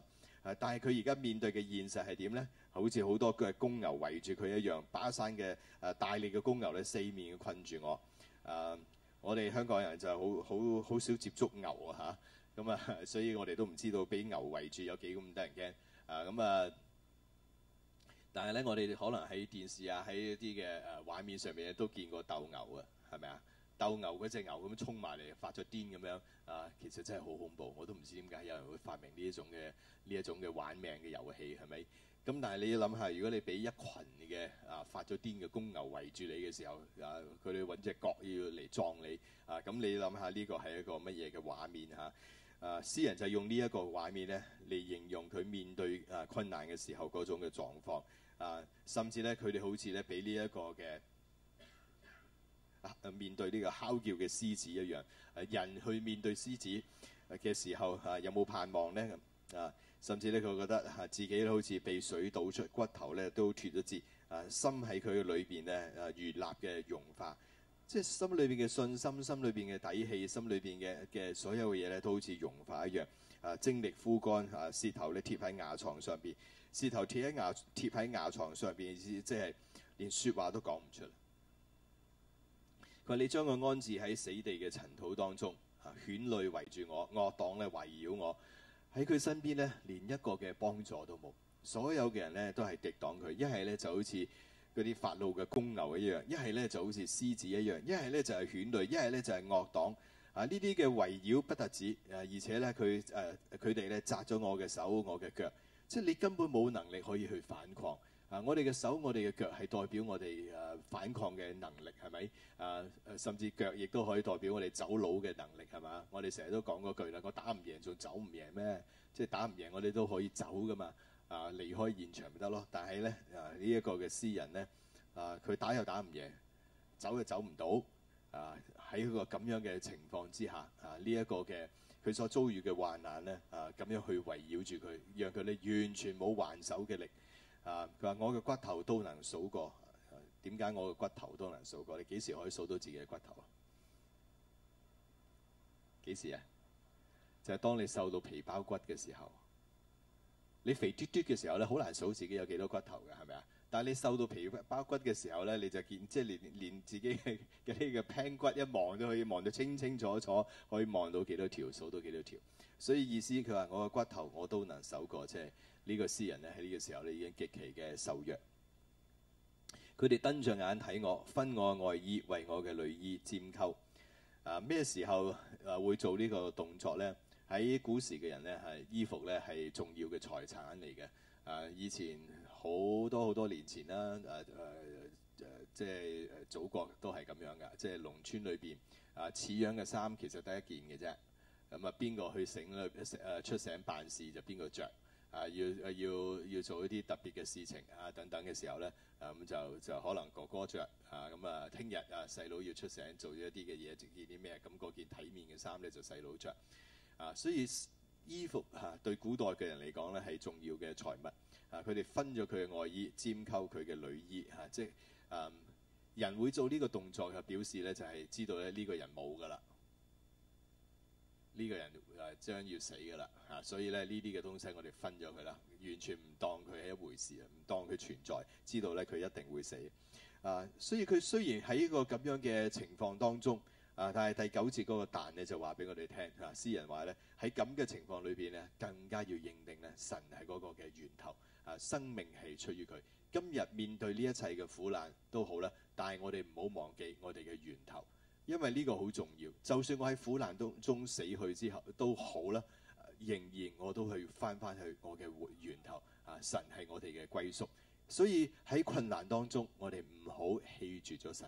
啊，但係佢而家面對嘅現實係點呢？好似好多嘅公牛圍住佢一樣，巴山嘅誒、啊、大力嘅公牛咧，四面困住我。誒、啊，我哋香港人就好好好少接觸牛啊嚇。咁啊，所以我哋都唔知道俾牛圍住有幾咁得人驚啊！咁啊～但係咧，我哋可能喺電視啊，喺一啲嘅誒畫面上面都見過鬥牛啊，係咪啊？鬥牛嗰隻牛咁樣衝埋嚟，發咗癲咁樣啊，其實真係好恐怖，我都唔知點解有人會發明呢一種嘅呢一種嘅玩命嘅遊戲係咪？咁但係你要諗下，如果你俾一群嘅啊發咗癲嘅公牛圍住你嘅時候啊，佢哋搵隻角要嚟撞你啊！咁你諗下呢個係一個乜嘢嘅畫面嚇？啊，詩、啊嗯啊、人就係用呢一個畫面咧嚟形容佢面對啊困難嘅時候嗰種嘅狀況。啊，甚至咧，佢哋好似咧，俾呢一個嘅、啊、面對呢個敲叫嘅獅子一樣，誒、啊、人去面對獅子嘅時候，嚇、啊、有冇盼望呢？啊，甚至咧，佢覺得嚇自己好似被水倒出骨頭咧，都脫咗節，啊，心喺佢嘅裏邊咧，啊，如蠟嘅融化，即係心裏邊嘅信心、心裏邊嘅底氣、心裏邊嘅嘅所有嘢咧，都好似融化一樣，啊，精力枯乾，啊，舌頭咧貼喺牙床上邊。舌頭貼喺牙貼喺牙床上邊，即係連説話都講唔出。佢話：你將佢安置喺死地嘅塵土當中，啊，犬類圍住我，惡黨咧圍繞我，喺佢身邊咧，連一個嘅幫助都冇，所有嘅人咧都係敵擋佢。一係咧就好似嗰啲發怒嘅公牛一樣，一係咧就好似獅子一樣，一係咧就係犬類，一係咧就係惡黨。啊，呢啲嘅圍繞不特止，誒、啊、而且咧佢誒佢哋咧扎咗我嘅手，我嘅腳。即係你根本冇能力可以去反抗啊！我哋嘅手、我哋嘅腳係代表我哋誒、啊、反抗嘅能力係咪？啊甚至腳亦都可以代表我哋走佬嘅能力係嘛？我哋成日都講嗰句啦，我打唔贏仲走唔贏咩？即係打唔贏我哋都可以走噶嘛？啊，離開現場咪得咯。但係咧啊，呢、這、一個嘅詩人咧啊，佢打又打唔贏，走又走唔到啊！喺個咁樣嘅情況之下啊，呢、這、一個嘅。佢所遭遇嘅患難咧，啊咁樣去圍繞住佢，讓佢咧完全冇還手嘅力。啊，佢話我嘅骨頭都能數過，啊，點解我嘅骨頭都能數過？你幾時可以數到自己嘅骨頭啊？幾時啊？就係當你瘦到皮包骨嘅時候，你肥嘟嘟嘅時候咧，好難數自己有幾多骨頭嘅，係咪啊？但係你收到皮骨包骨嘅時候咧，你就見即係連連自己嘅嘅啲嘅頸骨，一望都可以望到清清楚楚，可以望到幾多條，數到幾多條。所以意思佢話：我嘅骨頭我都能守過，即係呢個詩人咧，喺呢個時候咧，已經極其嘅受弱。佢哋瞪著眼睇我，分我外衣，為我嘅內衣占溝。啊，咩時候啊會做呢個動作咧？喺古時嘅人咧係、啊、衣服咧係重要嘅財產嚟嘅。啊，以前。好多好多年前啦，誒誒誒，即係祖國都係咁樣㗎，即係農村裏邊啊，似樣嘅衫其實得一件嘅啫。咁啊，邊個去醒咧？誒、啊、出醒辦事就邊個着；啊，要誒、啊、要要做一啲特別嘅事情啊，等等嘅時候咧，咁、啊、就就可能哥哥着。啊。咁啊，聽日啊，細佬要出醒做一啲嘅嘢，見啲咩？咁嗰件體面嘅衫咧，就細佬着。啊，所以。衣服嚇對古代嘅人嚟講咧係重要嘅財物，啊，佢哋分咗佢嘅外衣，占溝佢嘅裏衣嚇，即係嗯人會做呢個動作就表示咧，就係知道咧呢個人冇㗎啦，呢個人誒將要死㗎啦嚇，所以咧呢啲嘅東西我哋分咗佢啦，完全唔當佢係一回事啊，唔當佢存在，知道咧佢一定會死啊，所以佢雖然喺呢個咁樣嘅情況當中。啊！但係第九節嗰個彈咧就話俾我哋聽，啊！詩人話咧喺咁嘅情況裏邊咧，更加要認定咧神係嗰個嘅源頭，啊！生命係出於佢。今日面對呢一切嘅苦難都好啦，但係我哋唔好忘記我哋嘅源頭，因為呢個好重要。就算我喺苦難當中死去之後都好啦，仍然我都去翻翻去我嘅源頭，啊！神係我哋嘅歸宿。所以喺困難當中，我哋唔好棄絕咗神。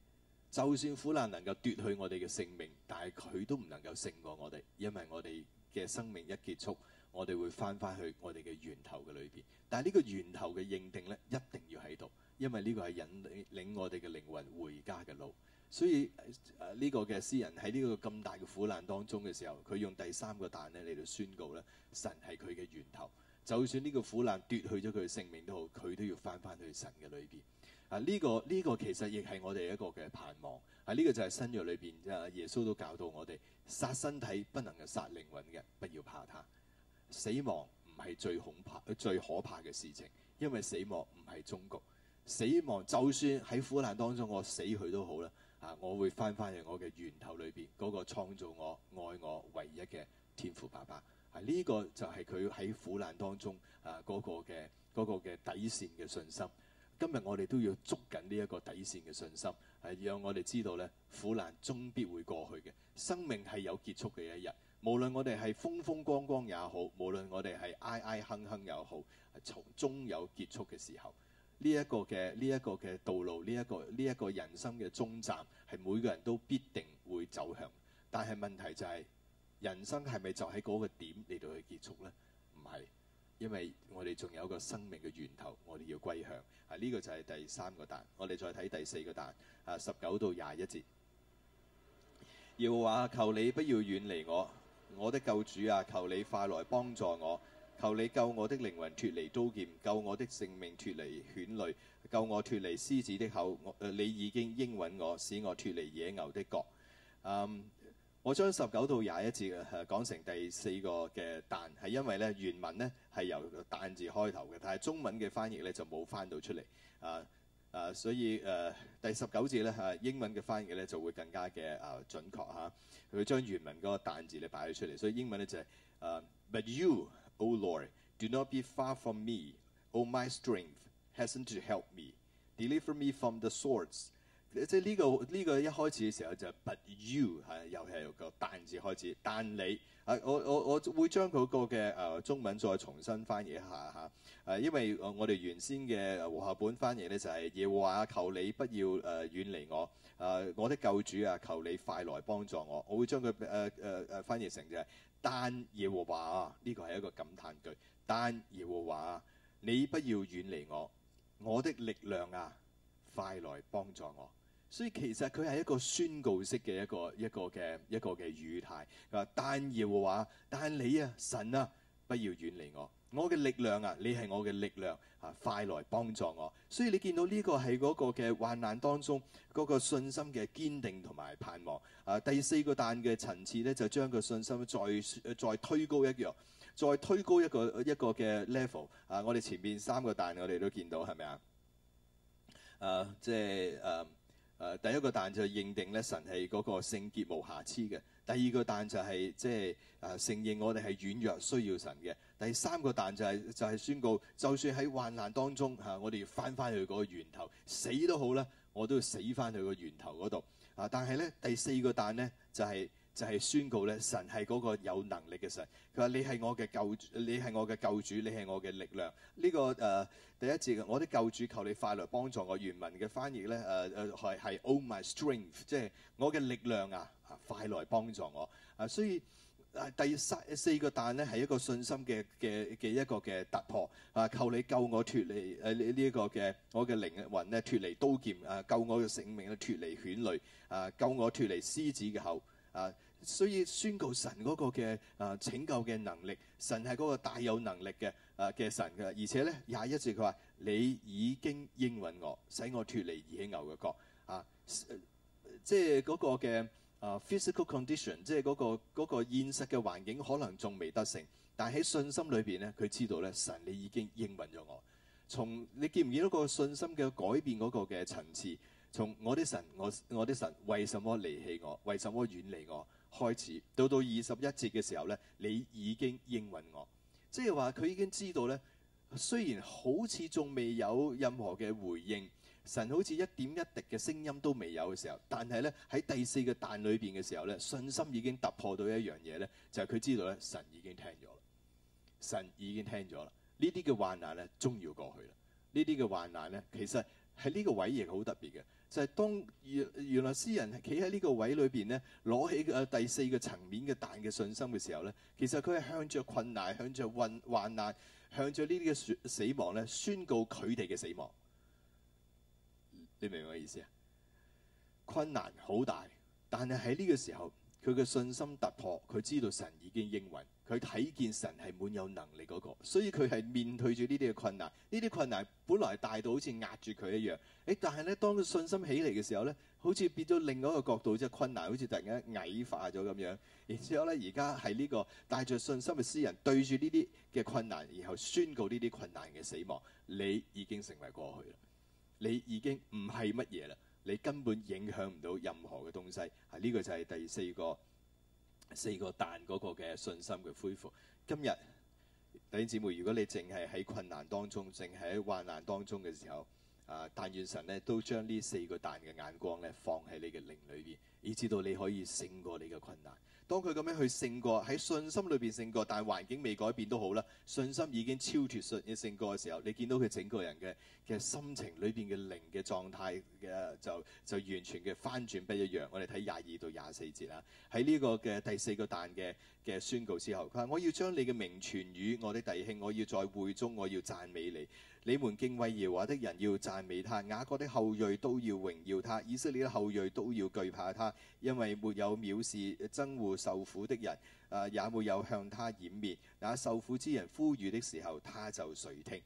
就算苦難能夠奪去我哋嘅性命，但係佢都唔能夠勝過我哋，因為我哋嘅生命一結束，我哋會返返去我哋嘅源頭嘅裏邊。但係呢個源頭嘅認定咧，一定要喺度，因為呢個係引領我哋嘅靈魂回家嘅路。所以呢個嘅詩人喺呢個咁大嘅苦難當中嘅時候，佢用第三個蛋咧嚟到宣告咧，神係佢嘅源頭。就算呢個苦難奪去咗佢嘅性命都好，佢都要返返去神嘅裏邊。啊！呢、這個呢、這個其實亦係我哋一個嘅盼望。啊！呢、這個就係新約裏邊，啊耶穌都教導我哋：殺身體不能夠殺靈魂嘅，不要怕它。死亡唔係最恐怕、最可怕嘅事情，因為死亡唔係終局。死亡就算喺苦難當中，我死去都好啦。啊！我會翻返去我嘅源頭裏邊，嗰、那個創造我、愛我唯一嘅天父爸爸。啊！呢、這個就係佢喺苦難當中啊嗰個嘅嗰個嘅、那個、底線嘅信心。今日我哋都要捉緊呢一個底線嘅信心，係、啊、讓我哋知道咧，苦難終必會過去嘅。生命係有結束嘅一日，無論我哋係風風光光也好，無論我哋係挨挨哼哼又好，係從終有結束嘅時候。呢、這、一個嘅呢一個嘅道路，呢、這、一個呢一、這個人生嘅終站，係每個人都必定會走向。但係問題就係、是、人生係咪就喺嗰個點嚟到去結束咧？唔係。因為我哋仲有一個生命嘅源頭，我哋要歸向啊！呢個就係第三個段。我哋再睇第四個段啊，十九到廿一節，耶和華啊，求你不要遠離我，我的救主啊！求你快來幫助我，求你救我的靈魂脫離刀劍，救我的性命脫離犬類，救我脫離獅子的口。誒，你已經應允我，使我脫離野牛的角。嗯我將十九到廿一節，啊，講成第四個嘅但，係因為咧原文咧係由但字開頭嘅，但係中文嘅翻譯咧就冇翻到出嚟。啊啊，所以誒，uh, 第十九節咧，係，啊，英文嘅翻譯咧就會更加嘅啊準確嚇，佢，啊、會將原文個但字咧擺咗出嚟，所以英文咧就係，是，誒，uh, But you, O Lord, do not be far from me; O my strength, hasten to help me; deliver me from the swords. 即係呢個呢，這個一開始嘅時候就係 But you 嚇、啊，又係由個但字開始。但你啊，我我我會將嗰個嘅誒、呃、中文再重新翻譯一下吓誒、啊、因為我哋原先嘅和合本翻譯咧就係耶和華求你不要誒遠離我。誒、啊、我的救主啊，求你快來幫助我。我會將佢誒誒誒翻譯成就係但耶和華啊，呢，這個係一個感嘆句。但耶和華啊，你不要遠離我。我的力量啊，快來幫助我。所以其實佢係一個宣告式嘅一個一個嘅一個嘅語態。啊，但要嘅話，但你啊，神啊，不要遠離我，我嘅力量啊，你係我嘅力量啊，快來幫助我。所以你見到呢個係嗰個嘅患難當中嗰、嗰個信心嘅堅定同埋盼望。啊，第四個但嘅層次咧，就將個信心再、啊、再推高一樣，再推高一個一個嘅 level。啊，我哋前面三個但，我哋都見到係咪啊？啊，uh, 即係啊。Uh, 啊、第一個彈就認定咧，神係嗰個聖潔無瑕疵嘅；第二個彈就係即係誒承認我哋係軟弱，需要神嘅；第三個彈就係、係、就係、係、宣告，就算喺患難當中嚇、啊，我哋要翻翻去嗰個源頭，死都好啦，我都要死翻去個源頭嗰度。啊！但係咧，第四個彈咧就係、係。就係宣告咧，神係嗰個有能力嘅神。佢話：你係我嘅救，你係我嘅救主，你係我嘅力量。呢、這個誒、呃、第一節，我的救主，求你快來幫助我。原文嘅翻譯咧誒誒係係 O my strength，即係我嘅力量啊！快來幫助我啊、呃！所以第三四,四個蛋咧係一個信心嘅嘅嘅一個嘅突破啊、呃！求你救我脫離誒呢呢一個嘅我嘅靈魂咧脫離刀劍誒、呃、救我嘅性命咧脫離犬類誒、呃、救我脫離獅子嘅口。啊，所以宣告神嗰個嘅啊拯救嘅能力，神係嗰個大有能力嘅啊嘅神嘅、啊，而且咧廿一節佢話，你已經應允我，使我脫離野牛嘅角啊！即係嗰個嘅啊 physical condition，即係嗰個嗰個現實嘅環境可能仲未得成，但係喺信心裏邊咧，佢知道咧神你已經應允咗我。從你見唔見到個信心嘅改變嗰個嘅層次？從我的神，我我的神，為什麼離棄我？為什麼遠離我？開始到到二十一節嘅時候咧，你已經應允我，即係話佢已經知道咧。雖然好似仲未有任何嘅回應，神好似一點一滴嘅聲音都未有嘅時候，但係咧喺第四個彈裡邊嘅時候咧，信心已經突破到一樣嘢咧，就係、是、佢知道咧，神已經聽咗啦，神已經聽咗啦。呢啲嘅患難咧，終要過去啦。呢啲嘅患難咧，其實。喺呢個位亦好特別嘅，就係、是、當原原來詩人係企喺呢個位裏邊咧，攞起嘅第四個層面嘅彈嘅信心嘅時候咧，其實佢係向著困難、向著患患難、向著呢啲嘅死亡咧宣告佢哋嘅死亡。你明唔明我意思啊？困難好大，但係喺呢個時候，佢嘅信心突破，佢知道神已經應允，佢睇見神係滿有能力嗰個，所以佢係面對住呢啲嘅困難，呢啲困難本來大到好似壓住佢一樣，誒，但係咧當佢信心起嚟嘅時候咧，好似變咗另外一個角度，即係困難好似突然間矮化咗咁樣，然之後咧而家係呢個帶着信心嘅詩人對住呢啲嘅困難，然後宣告呢啲困難嘅死亡，你已經成為過去啦，你已經唔係乜嘢啦。你根本影響唔到任何嘅東西，係、啊、呢、這個就係第四個四個彈嗰個嘅信心嘅恢復。今日弟兄姊妹，如果你淨係喺困難當中，淨係患難當中嘅時候。啊！但願神咧都將呢四個彈嘅眼光咧放喺你嘅靈裏邊，以至到你可以勝過你嘅困難。當佢咁樣去勝過喺信心裏邊勝過，但環境未改變都好啦，信心已經超脫信嘅勝過嘅時候，你見到佢整個人嘅嘅心情裏邊嘅靈嘅狀態嘅就就完全嘅翻轉不一樣。我哋睇廿二到廿四節啦，喺呢個嘅第四個彈嘅嘅宣告之後，佢話：我要將你嘅名傳與我的弟兄，我要在會中，我要讚美你。你們敬畏耶和華的人要讚美他，雅各的後裔都要榮耀他，以色列的後裔都要懼怕他，因為沒有藐視、憎惡受苦的人，呃、也沒有向他掩面。那受苦之人呼籲的時候，他就垂聽。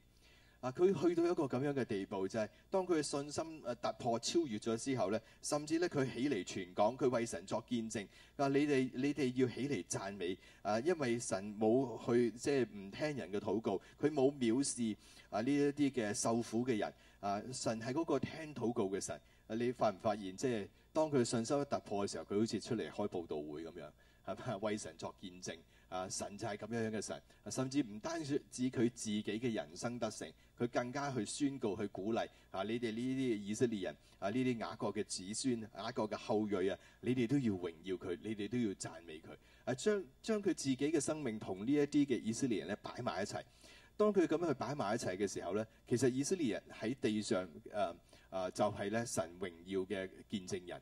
啊！佢去到一個咁樣嘅地步，就係、是、當佢嘅信心誒突破超越咗之後咧，甚至咧佢起嚟全港，佢為神作見證。啊！你哋你哋要起嚟讚美啊！因為神冇去即係唔聽人嘅禱告，佢冇藐視啊呢一啲嘅受苦嘅人啊！神係嗰個聽禱告嘅神。你發唔發現即係、就是、當佢信心突破嘅時候，佢好似出嚟開佈道會咁樣係咪？為神作見證。啊！神就係咁樣樣嘅神，啊，甚至唔單止佢自己嘅人生得成，佢更加去宣告、去鼓勵啊！你哋呢啲以色列人啊，呢啲雅各嘅子孫、雅各嘅後裔啊，你哋都要榮耀佢，你哋都要讚美佢啊！將將佢自己嘅生命同呢一啲嘅以色列人咧擺埋一齊。當佢咁樣去擺埋一齊嘅時候咧，其實以色列人喺地上誒誒、啊啊、就係、是、咧神榮耀嘅見證人。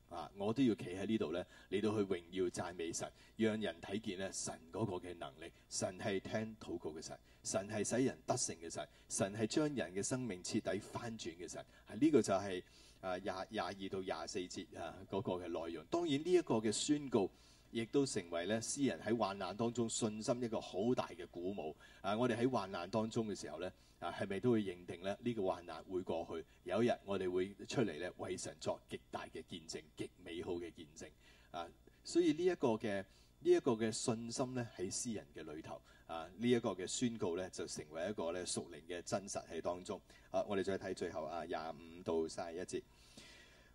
啊！我都要企喺呢度咧，你都去榮耀讚美神，讓人睇見咧神嗰個嘅能力。神係聽禱告嘅神，神係使人得勝嘅神，神係將人嘅生命徹底翻轉嘅神。係、啊、呢、呢個就係、是、啊廿廿二,二,二到廿四節啊嗰、那個嘅內容。當然呢一個嘅宣告。亦都成為咧，詩人喺患難當中信心一個好大嘅鼓舞。啊，我哋喺患難當中嘅時候咧，啊，係咪都會認定咧呢、這個患難會過去？有一日我哋會出嚟咧，為神作極大嘅見證，極美好嘅見證。啊，所以呢一個嘅呢一個嘅信心咧，喺詩人嘅裏頭。啊，呢一個嘅宣告咧，就成為一個咧屬靈嘅真實喺當中。啊，我哋再睇最後啊廿五到卅一節。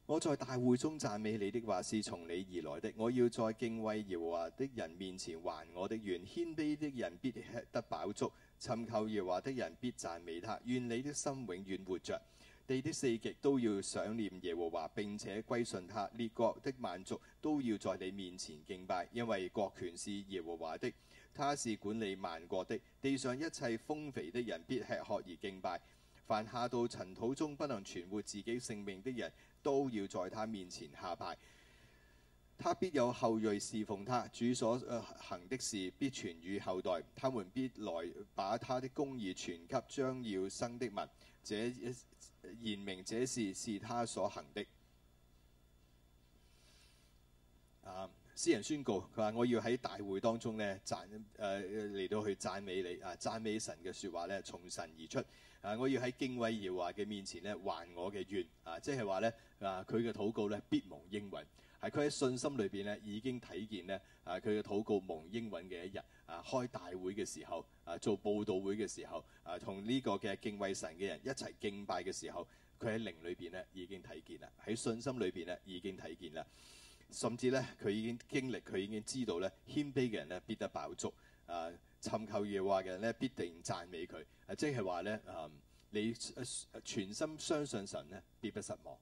我在大會中讚美你的話，是從你而來的。我要在敬畏耶和華的人面前還我的願，謙卑的人必吃得飽足，尋求耶和華的人必讚美他。願你的心永遠活著，地的四極都要想念耶和華並且歸順他，列國的萬族都要在你面前敬拜，因為國權是耶和華的，他是管理萬國的。地上一切豐肥的人必吃喝而敬拜，凡下到塵土中不能存活自己性命的人。都要在他面前下拜，他必有後裔侍奉他，主所行的事必傳與後代，他們必來把他的公義傳給將要生的民，這言明這事是，是他所行的。Uh. 私人宣告，佢話：我要喺大會當中咧讚誒嚟到去讚美你啊！讚美神嘅說話咧，從神而出啊！我要喺敬畏耶和華嘅面前咧，還我嘅願啊！即係話咧啊，佢嘅禱告咧必蒙應允。係佢喺信心裏邊咧已經睇見咧啊！佢嘅禱告蒙應允嘅一日啊，開大會嘅時候啊，做佈道會嘅時候啊，同呢個嘅敬畏神嘅人一齊敬拜嘅時候，佢喺靈裏邊咧已經睇見啦，喺信心裏邊咧已經睇見啦。甚至咧，佢已經經歷，佢已經知道咧，謙卑嘅人咧必得飽足；啊，尋求耶和華嘅人咧必定讚美佢。啊，即係話咧，啊，你全心相信神咧，必不失望；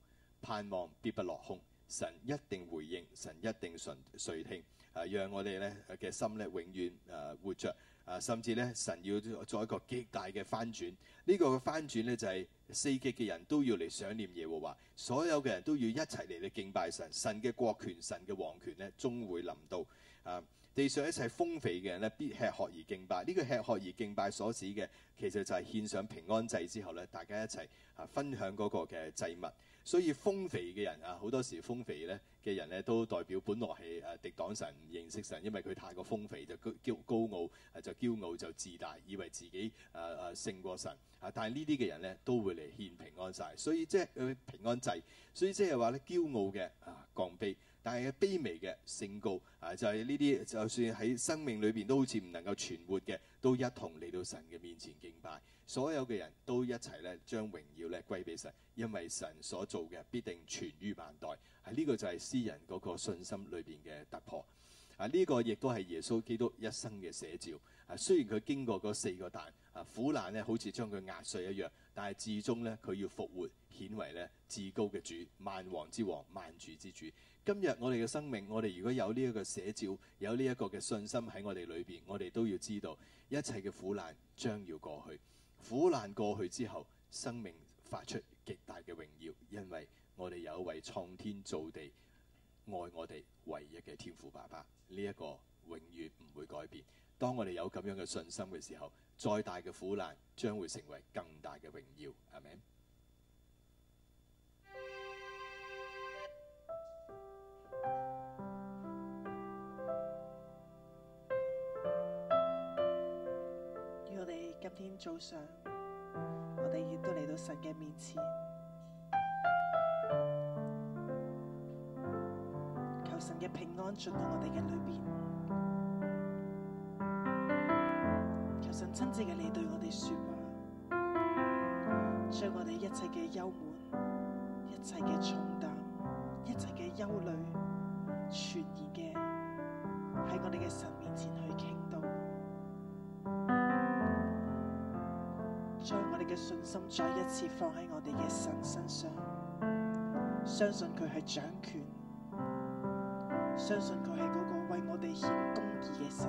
盼望必不落空，神一定回應，神一定垂聽。啊，讓我哋咧嘅心咧永遠啊活着。啊，甚至咧，神要做一個極大嘅翻轉，呢個嘅翻轉呢，就係四極嘅人都要嚟想念耶和華，所有嘅人都要一齊嚟嚟敬拜神，神嘅國權、神嘅王權呢，終會臨到啊！地上一切豐肥嘅人呢，必吃喝而敬拜，呢個吃喝而敬拜所指嘅，其實就係獻上平安祭之後呢，大家一齊啊分享嗰個嘅祭物。所以豐肥嘅人啊，好多時豐肥咧嘅人咧都代表本來係誒敵擋神、唔認識神，因為佢太過豐肥就高傲，就驕傲就自大，以為自己誒誒勝過神。嚇，但係呢啲嘅人咧都會嚟獻平安晒，所以即係誒平安祭。所以即係話咧驕傲嘅啊，降卑。但係卑微嘅聖告，啊，就係呢啲，就算喺生命裏邊都好似唔能夠存活嘅，都一同嚟到神嘅面前敬拜。所有嘅人都一齊咧，將榮耀咧歸俾神，因為神所做嘅必定存於萬代。係，啊，呢個就係詩人嗰個信心裏邊嘅突破啊！呢個亦都係耶穌基督一生嘅寫照啊。雖然佢經過嗰四個蛋，啊，苦難咧好似將佢壓碎一樣，但係至終咧佢要復活，顯為咧至高嘅主、萬王之王、萬主之主。今日我哋嘅生命，我哋如果有呢一個寫照，有呢一個嘅信心喺我哋裏邊，我哋都要知道一切嘅苦難將要過去。苦難過去之後，生命發出極大嘅榮耀，因為我哋有位創天造地、愛我哋唯一嘅天父爸爸，呢一個永遠唔會改變，當我哋有咁樣嘅信心嘅時候，再大嘅苦難將會成為更大嘅榮耀。係咪？若我哋今天早上，我哋亦都嚟到神嘅面前，求神嘅平安進到我哋嘅裏邊，求神親自嘅你對我哋說話，將我哋一切嘅憂悶、一切嘅重擔、一切嘅憂慮。全然嘅喺我哋嘅神面前去傾倒，將我哋嘅信心再一次放喺我哋嘅神身上，相信佢係掌權，相信佢係嗰個為我哋獻公義嘅神。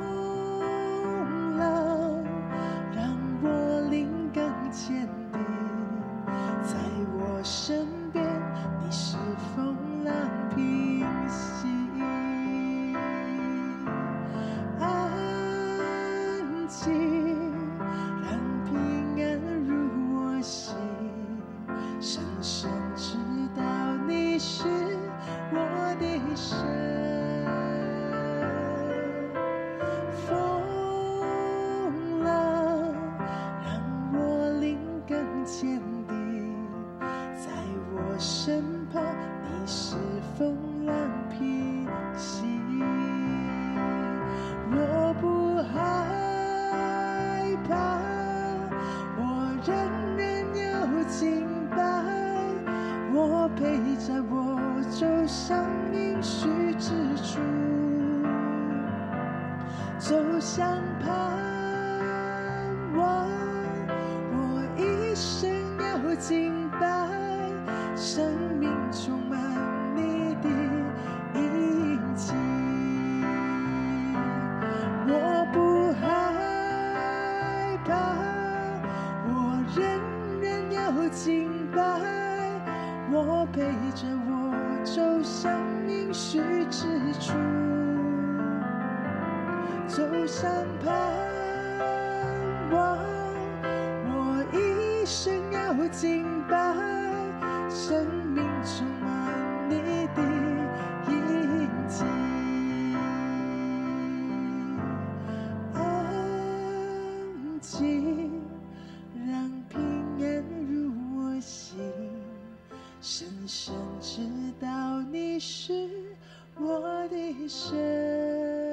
深深知道你是我的神。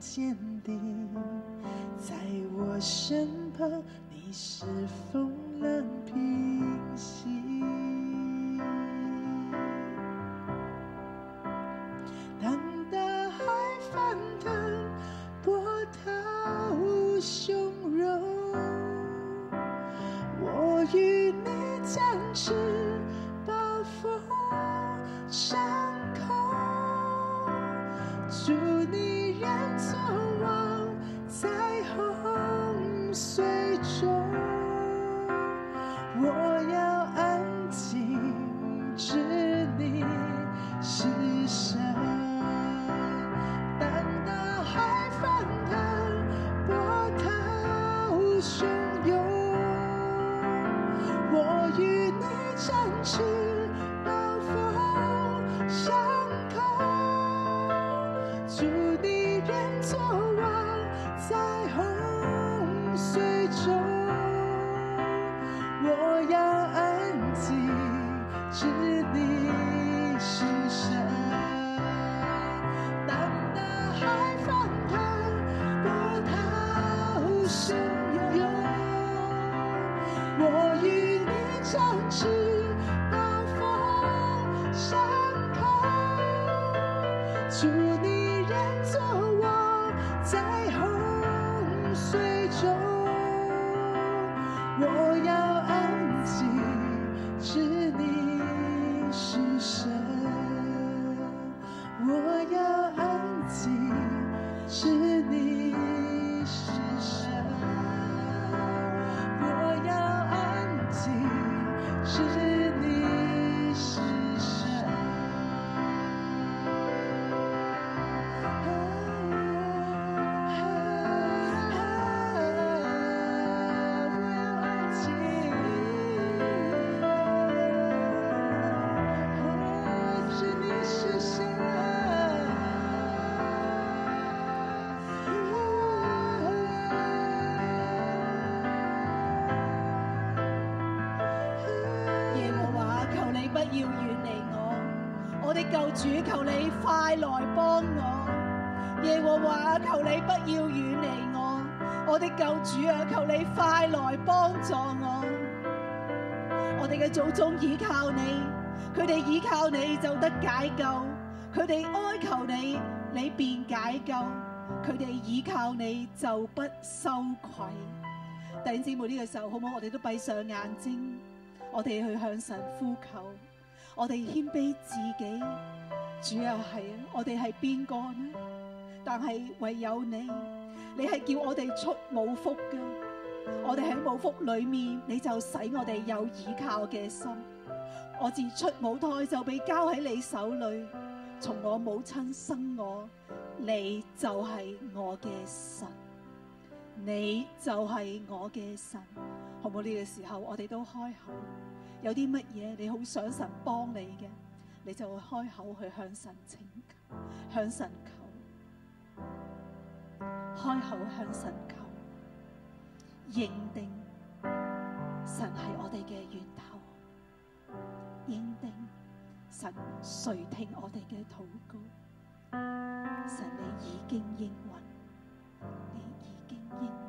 堅定在我身旁，你是否？要安靜，知你是誰。主求你快來幫我，耶和華求你不要遠離我，我的救主啊，求你快來幫助我。我哋嘅祖宗倚靠你，佢哋倚靠你就得解救，佢哋哀求你，你便解救，佢哋倚靠你就不羞愧。弟兄姊妹，呢個時候好唔好？我哋都閉上眼睛，我哋去向神呼求，我哋謙卑自己。主啊係，我哋係邊個呢？但係唯有你，你係叫我哋出母腹㗎。我哋喺母腹裏面，你就使我哋有倚靠嘅心。我自出母胎就被交喺你手裏，從我母親生我，你就係我嘅神，你就係我嘅神，好冇？呢、這個時候我哋都開口，有啲乜嘢你好想神幫你嘅？你就會開口去向神請求，向神求，開口向神求，認定神係我哋嘅源頭，認定神垂聽我哋嘅禱告，神，你已經應允，你已經應。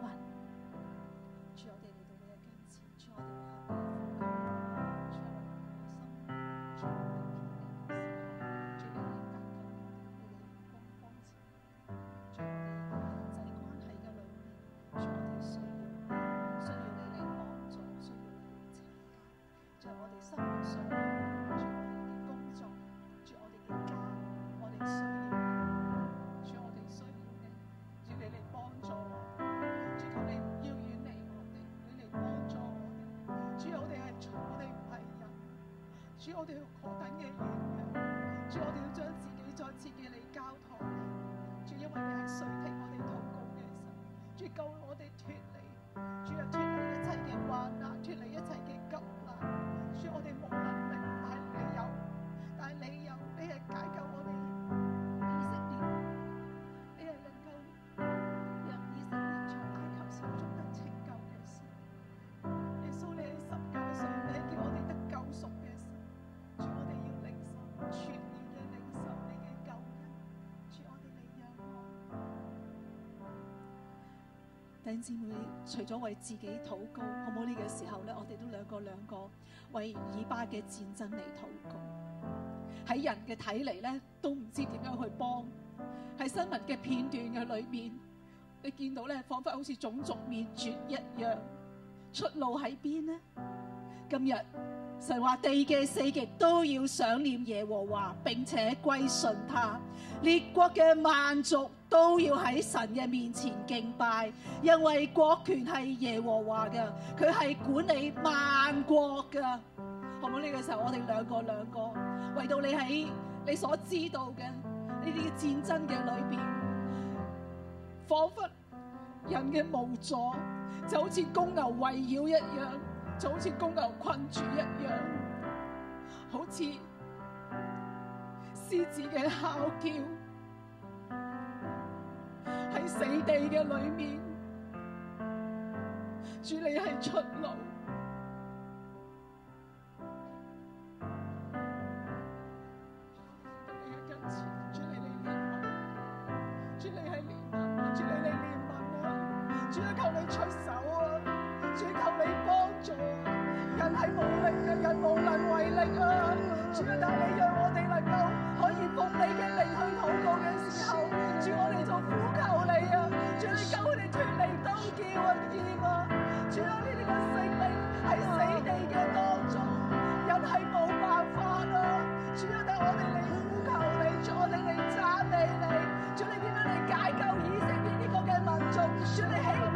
聖戰會除咗為自己禱告，好唔好呢個時候咧，我哋都兩個兩個為以巴嘅戰爭嚟禱告。喺人嘅睇嚟咧，都唔知點樣去幫。喺新聞嘅片段嘅裏面，你見到咧，仿佛好似種族滅絕一樣。出路喺邊咧？今日神話地嘅四極都要想念耶和華，並且歸順他。列國嘅萬族，都要喺神嘅面前敬拜，因為國權係耶和華嘅，佢係管理萬國嘅。好唔好呢個時候我哋兩個兩個唯到你，喺你所知道嘅呢啲戰爭嘅裏邊，仿佛人嘅無助就好似公牛圍繞一樣，就好似公牛困住一樣，好似獅子嘅哮叫。在死地嘅裏面，主你係出路。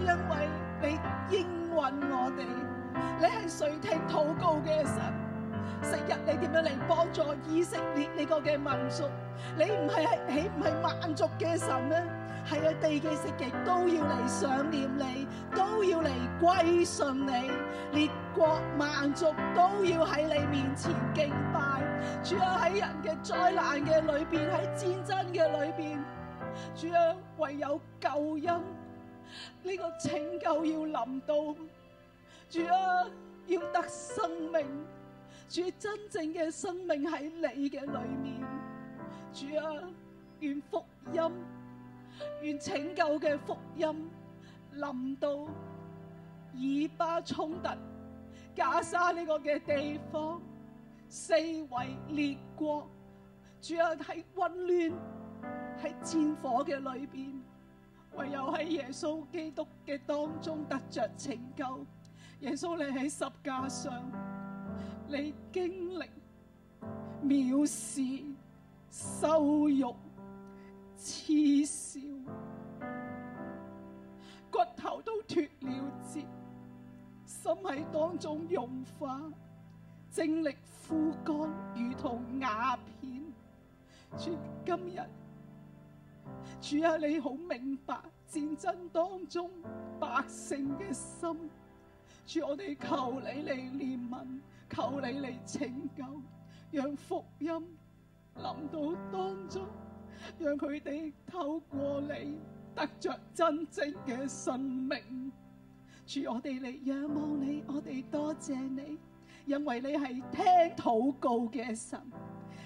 因為你應允我哋，你係垂聽禱告嘅神，成日你點樣嚟幫助以色列呢個嘅民族？你唔係係豈唔係萬族嘅神呢？係啊，地嘅四極都要嚟想念你，都要嚟歸順你，列國萬族都要喺你面前敬拜。主啊，喺人嘅災難嘅裏邊，喺戰爭嘅裏邊，主啊，唯有救恩。呢個拯救要臨到，主啊，要得生命，主真正嘅生命喺你嘅裏面，主啊，願福音，願拯救嘅福音，臨到以巴衝突、加沙呢個嘅地方，四圍列國，主啊，喺溫暖喺戰火嘅裏邊。唯有喺耶穌基督嘅當中得着拯救。耶穌，你喺十架上，你經歷藐視、羞辱、恥笑，骨頭都脫了節，心喺當中融化，精力枯乾，如同瓦片。今今日。主啊，你好明白戰爭當中百姓嘅心，主，我哋求你嚟憐憫，求你嚟拯救，讓福音臨到當中，讓佢哋透過你得着真正嘅生命。主，我哋嚟仰望你，我哋多謝你，因為你係聽禱告嘅神。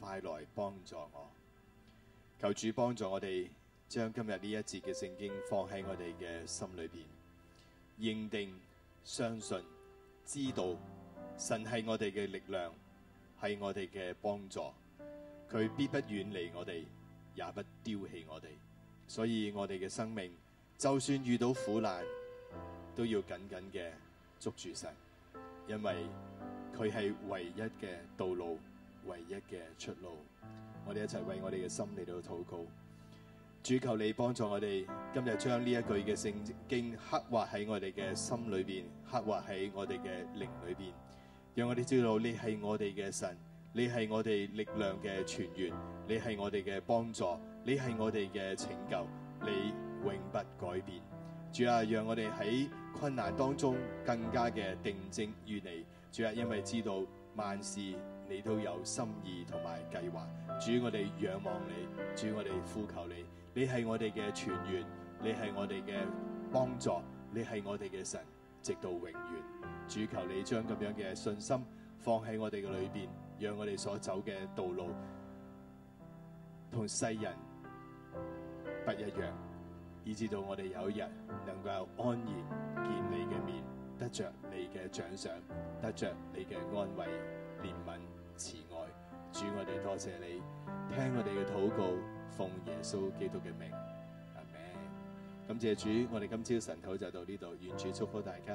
快來幫助我，求主幫助我哋，將今日呢一節嘅聖經放喺我哋嘅心裏邊，認定、相信、知道，神係我哋嘅力量，係我哋嘅幫助，佢必不遠離我哋，也不丟棄我哋，所以我哋嘅生命就算遇到苦難，都要緊緊嘅捉住神，因為佢係唯一嘅道路。唯一嘅出路，我哋一齊為我哋嘅心嚟到禱告。主求你幫助我哋，今日將呢一句嘅聖經刻畫喺我哋嘅心裏邊，刻畫喺我哋嘅靈裏邊。讓我哋知道你係我哋嘅神，你係我哋力量嘅泉源，你係我哋嘅幫助，你係我哋嘅拯救。你永不改變，主啊，讓我哋喺困難當中更加嘅定靜於你，主啊，因為知道萬事。你都有心意同埋計劃，主我哋仰望你，主我哋呼求你。你係我哋嘅泉源，你係我哋嘅幫助，你係我哋嘅神，直到永遠。主求你將咁樣嘅信心放喺我哋嘅裏邊，讓我哋所走嘅道路同世人不一樣，以至到我哋有一日能夠安然見你嘅面，得着你嘅獎賞，得着你嘅安慰憐憫。憐憫慈愛主，我哋多謝，謝你聽我哋嘅禱告，奉耶穌基督嘅名，阿門。感謝主，我哋今朝晨禱就到呢度，願主祝福大家。